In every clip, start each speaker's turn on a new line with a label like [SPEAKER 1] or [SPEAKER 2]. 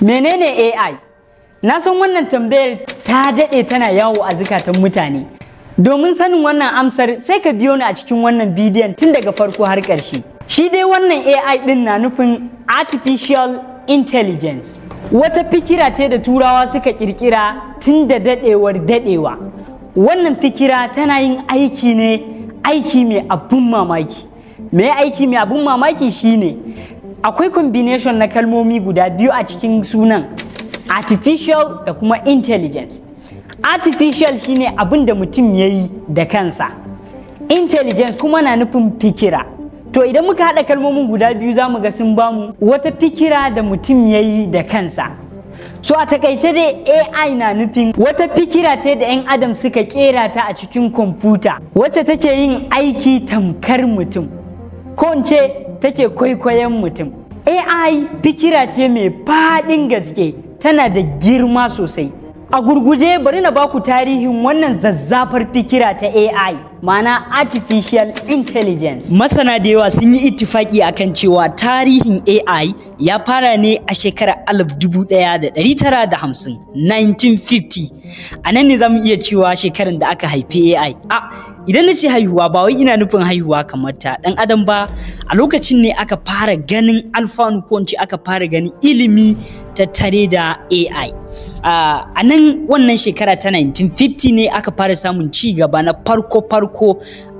[SPEAKER 1] Menene AI? Na san wannan tambayar ta daɗe tana yawo a zukatan mutane. Domin sanin wannan amsar sai ka biyo ni a cikin wannan bidiyon tun daga farko har ƙarshe. Shi dai wannan AI ɗin na nufin Artificial Intelligence. Wata fikira ce da turawa suka ƙirƙira tun da daɗewar daɗewa. Wannan fikira tana yin aiki ne aiki mai abun mamaki. Me aiki mai abun mamaki shine akwai combination na kalmomi guda biyu a cikin sunan artificial da kuma intelligence artificial shine abin da mutum ya yi da kansa intelligence kuma na nufin fikira to idan muka haɗa kalmomin guda biyu za mu ga sun bamu wata fikira da mutum ya yi da kansa so a takaice dai ai na nufin wata fikira ce da 'yan adam suka kera ta a cikin kwamfuta wacce take yin aiki tamkar mutum ko in ce take kwaikwayon mutum ai fikira ce mai faɗin gaske tana da girma sosai A gurguje bari na baku tarihin wannan zazzafar fikira ta AI mana Artificial Intelligence. Masana da yawa sun yi ittifaki akan cewa tarihin AI ya fara ne a shekarar 1950 1950 a nan ne za mu iya cewa shekarar da aka haifi AI. A idan na ce haihuwa ba wai ina nufin haihuwa kamar ta ɗan adam ba a lokacin ne aka fara ganin alfanu ko aka fara ganin ilimi ta tare da AI. Uh, a nan wannan shekara ta 1950 ne aka fara samun ci gaba na farko-farko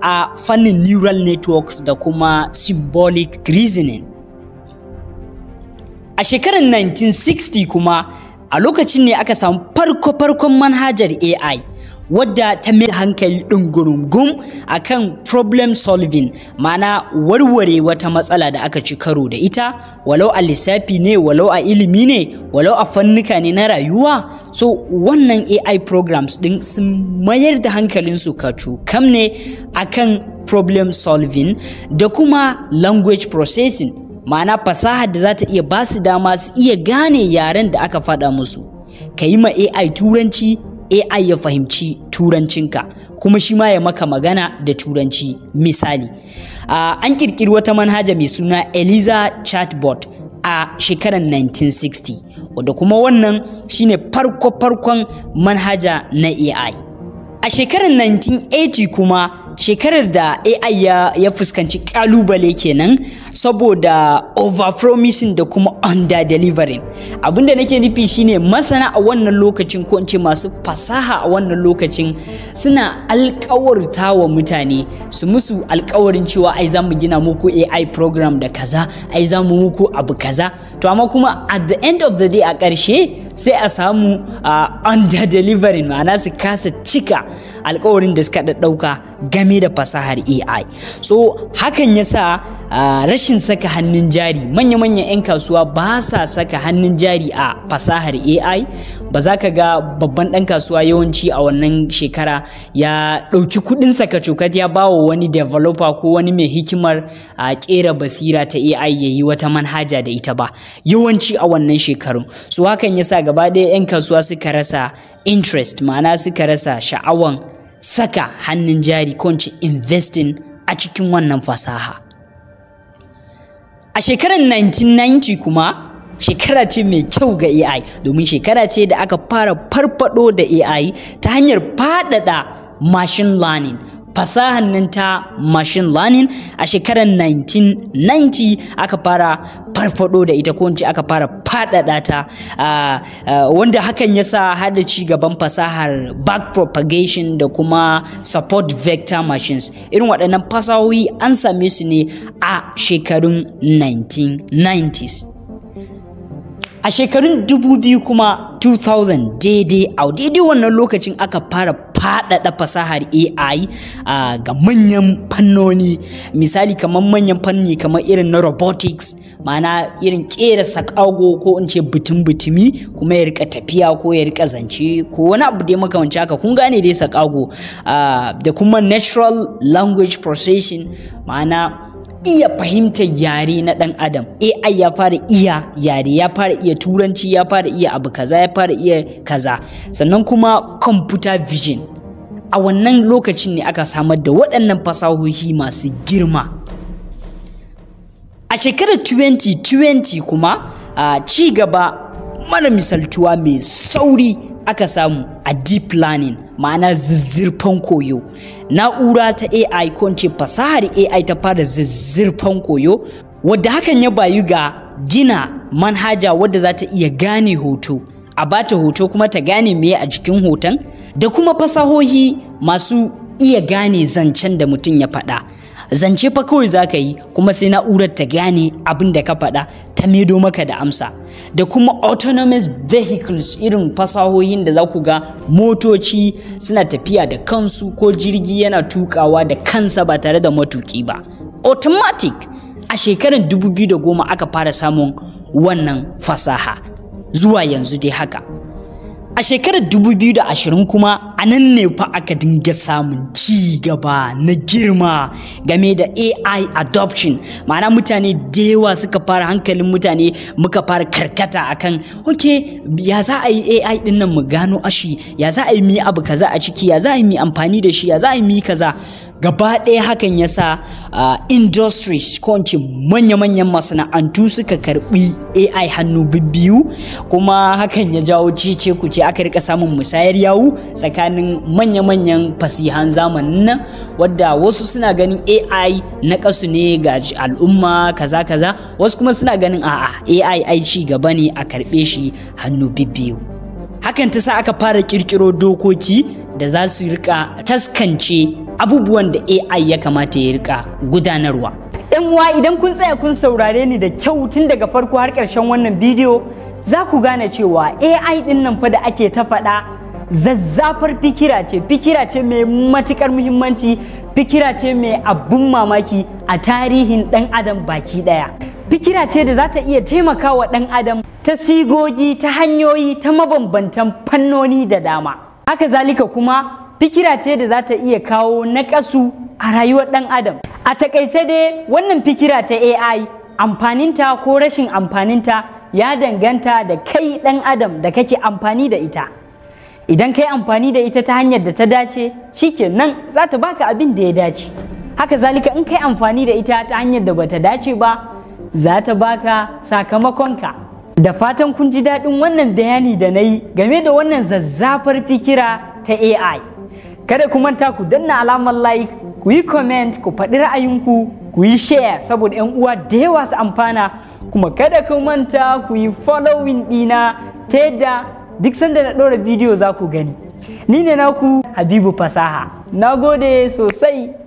[SPEAKER 1] a fannin neural networks da kuma symbolic reasoning a shekarar 1960 kuma a lokacin ne aka samu farko-farkon manhajar ai wadda ta mai hankali ɗin a kan problem solving mana warware wata matsala da aka ci karo da ita walau a lissafi ne walau a ilimi ne walau a fannuka ne na rayuwa so wannan ai programs ɗin sun mayar da hankalinsu kacu kam ne a kan problem solving da kuma language processing ma'ana fasahar da za ta iya ba su dama su iya gane yaren da aka faɗa musu ka yi ma ai turanci AI ya fahimci turancinka kuma shi ma ya maka magana da turanci misali uh, an kirkiri wata manhaja mai suna Eliza chatbot a shekarar 1960 wadda kuma wannan shine farko-farkon manhaja na AI a shekarar 1980 kuma shekarar da AI ya, ya fuskanci kalubale kenan saboda overpromising da kuma under delivering abinda nake nufi shine masana a wannan lokacin ko ce masu fasaha a wannan lokacin suna alkawarta wa mutane su musu alkawarin cewa ai za mu gina muku AI program da kaza ai za mu muku abu kaza to amma kuma at the end of the day a ƙarshe sai a samu uh, under delivering ma'ana su kasa cika alkawarin da suka ɗauka game game da fasahar AI so hakan ya yasa ah, rashin saka hannun jari manya manya 'yan kasuwa ba sa saka hannun jari a fasahar AI ba za ka ga babban ɗan kasuwa yawanci a wannan shekara ya ɗauki kuɗin cokat ya ba wa wani developer ko wani mai hikimar a ah, ƙera basira ta AI ya yi wata manhaja da ita ba yawanci a wannan shekarun su hakan ya sa gaba ɗaya 'yan kasuwa suka rasa interest ma'ana suka rasa sha'awan saka hannun jari ko investing a cikin wannan fasaha a shekarar 1990 kuma shekara ce mai kyau ga AI domin shekara ce da aka fara farfado da AI ta hanyar faɗaɗa machine learning fasahan nan ta machine learning a shekarar 1990 aka fara farfado da ita ko aka fara faɗaɗata. ta ah, ah, wanda hakan ya sa hada ci gaban fasahar back propagation da kuma support vector machines irin waɗannan fasahohi an same su ne a shekarun 1990s a shekarun 2000 kuma 2000 daidai a daidai wannan lokacin aka fara faɗaɗa fasahar AI ga manyan fannoni misali kamar manyan fanni kamar irin na robotics ma'ana irin ƙera sakago ko in ce butun butumi kuma ya rika tafiya ko ya rika zance ko wani abu ya makamanci haka kun gane dai sakago da kuma natural language processing mana iya fahimtar yare na ɗan adam AI ya fara iya yare ya fara iya turanci ya fara iya abu kaza ya fara iya kaza sannan kuma computer vision a wannan lokacin ne aka samar da waɗannan fasahohi masu girma a shekarar 2020 kuma a ah, ci gaba mara misaltuwa mai sauri aka samu a deep learning ma'ana zizzirfan koyo na'ura ta ai ko ce fasahar ai ta fara zizzirfan koyo wadda hakan ya bayu ga gina manhaja wadda za ta iya gane hoto a bata hoto kuma ta gane me a jikin hoton da kuma fasahohi masu iya gane zancen da mutum ya faɗa zance fa kawai za ka yi kuma sai na'urar ta gane abin da ka faɗa ta medo maka da amsa da kuma autonomous vehicles irin fasahohin da za ku ga motoci suna tafiya da kansu ko jirgi yana tukawa da kansa ba tare da matuki ba automatic a shekarar 2010 aka fara samun wannan fasaha zuwa yanzu dai haka A shekarar 2020 kuma a nan ne fa aka dinga samun ci gaba na girma game da AI adoption. Ma'ana mutane da yawa suka fara hankalin mutane muka fara karkata akan oke ya za a yi AI ɗinnan mu gano ashi ya za a yi mi abu kaza a ciki ya za a yi mi amfani da shi ya za a yi mi kaza. gaba ɗaya hakan ya sa industries ko manya-manyan masana'antu suka karbi ai hannu bibbiyu kuma hakan ya jawo cece ce aka rika samun musayar yawu tsakanin manya-manyan fasihan zamanin nan wadda wasu suna ganin ai na kasu ne ga al'umma kaza-kaza wasu kuma suna ganin a'a ai ai ci gaba ne a karbe shi hannu bibbiyu hakan ta sa aka fara kirkiro dokoki da za su rika taskance abubuwan da AI ya kamata ya rika gudanarwa. ‘Yan uwa idan kun tsaya kun saurare ni da kyau tun daga farko har ƙarshen wannan bidiyo za ku gane cewa AI ɗin nan fa da ake ta faɗa zazzafar fikira ce, fikira ce mai matuƙar muhimmanci, fikira ce mai abun mamaki a tarihin ɗan adam baki ɗaya. Fikira ce da za ta iya taimakawa ɗan adam ta sigogi, ta hanyoyi, ta mabambantan fannoni da dama. haka zalika kuma fikira ce da za ta iya kawo naƙasu a rayuwar ɗan adam a takaice dai wannan fikira ta ai amfaninta ko rashin amfaninta ya danganta da kai ɗan adam da kake amfani da ita idan kai amfani da ita ta hanyar da ta dace nan za ta baka abin da ya dace haka zalika in kai amfani da ita ta hanyar da bata dace ba za ta baka sakamakonka Da fatan kun ji daɗin wannan bayani da na yi game da wannan zazzafar fikira ta AI. Kada ku manta ku danna alamar like, ku yi comment, ku faɗi ra'ayinku, ku yi share saboda 'yan uwa da yawa su amfana, kuma kada ku manta ku yi following ɗina ta yadda duk sanda na ɗora bidiyo za ku gani. Ni ne naku Habibu Fasaha. Na gode sosai.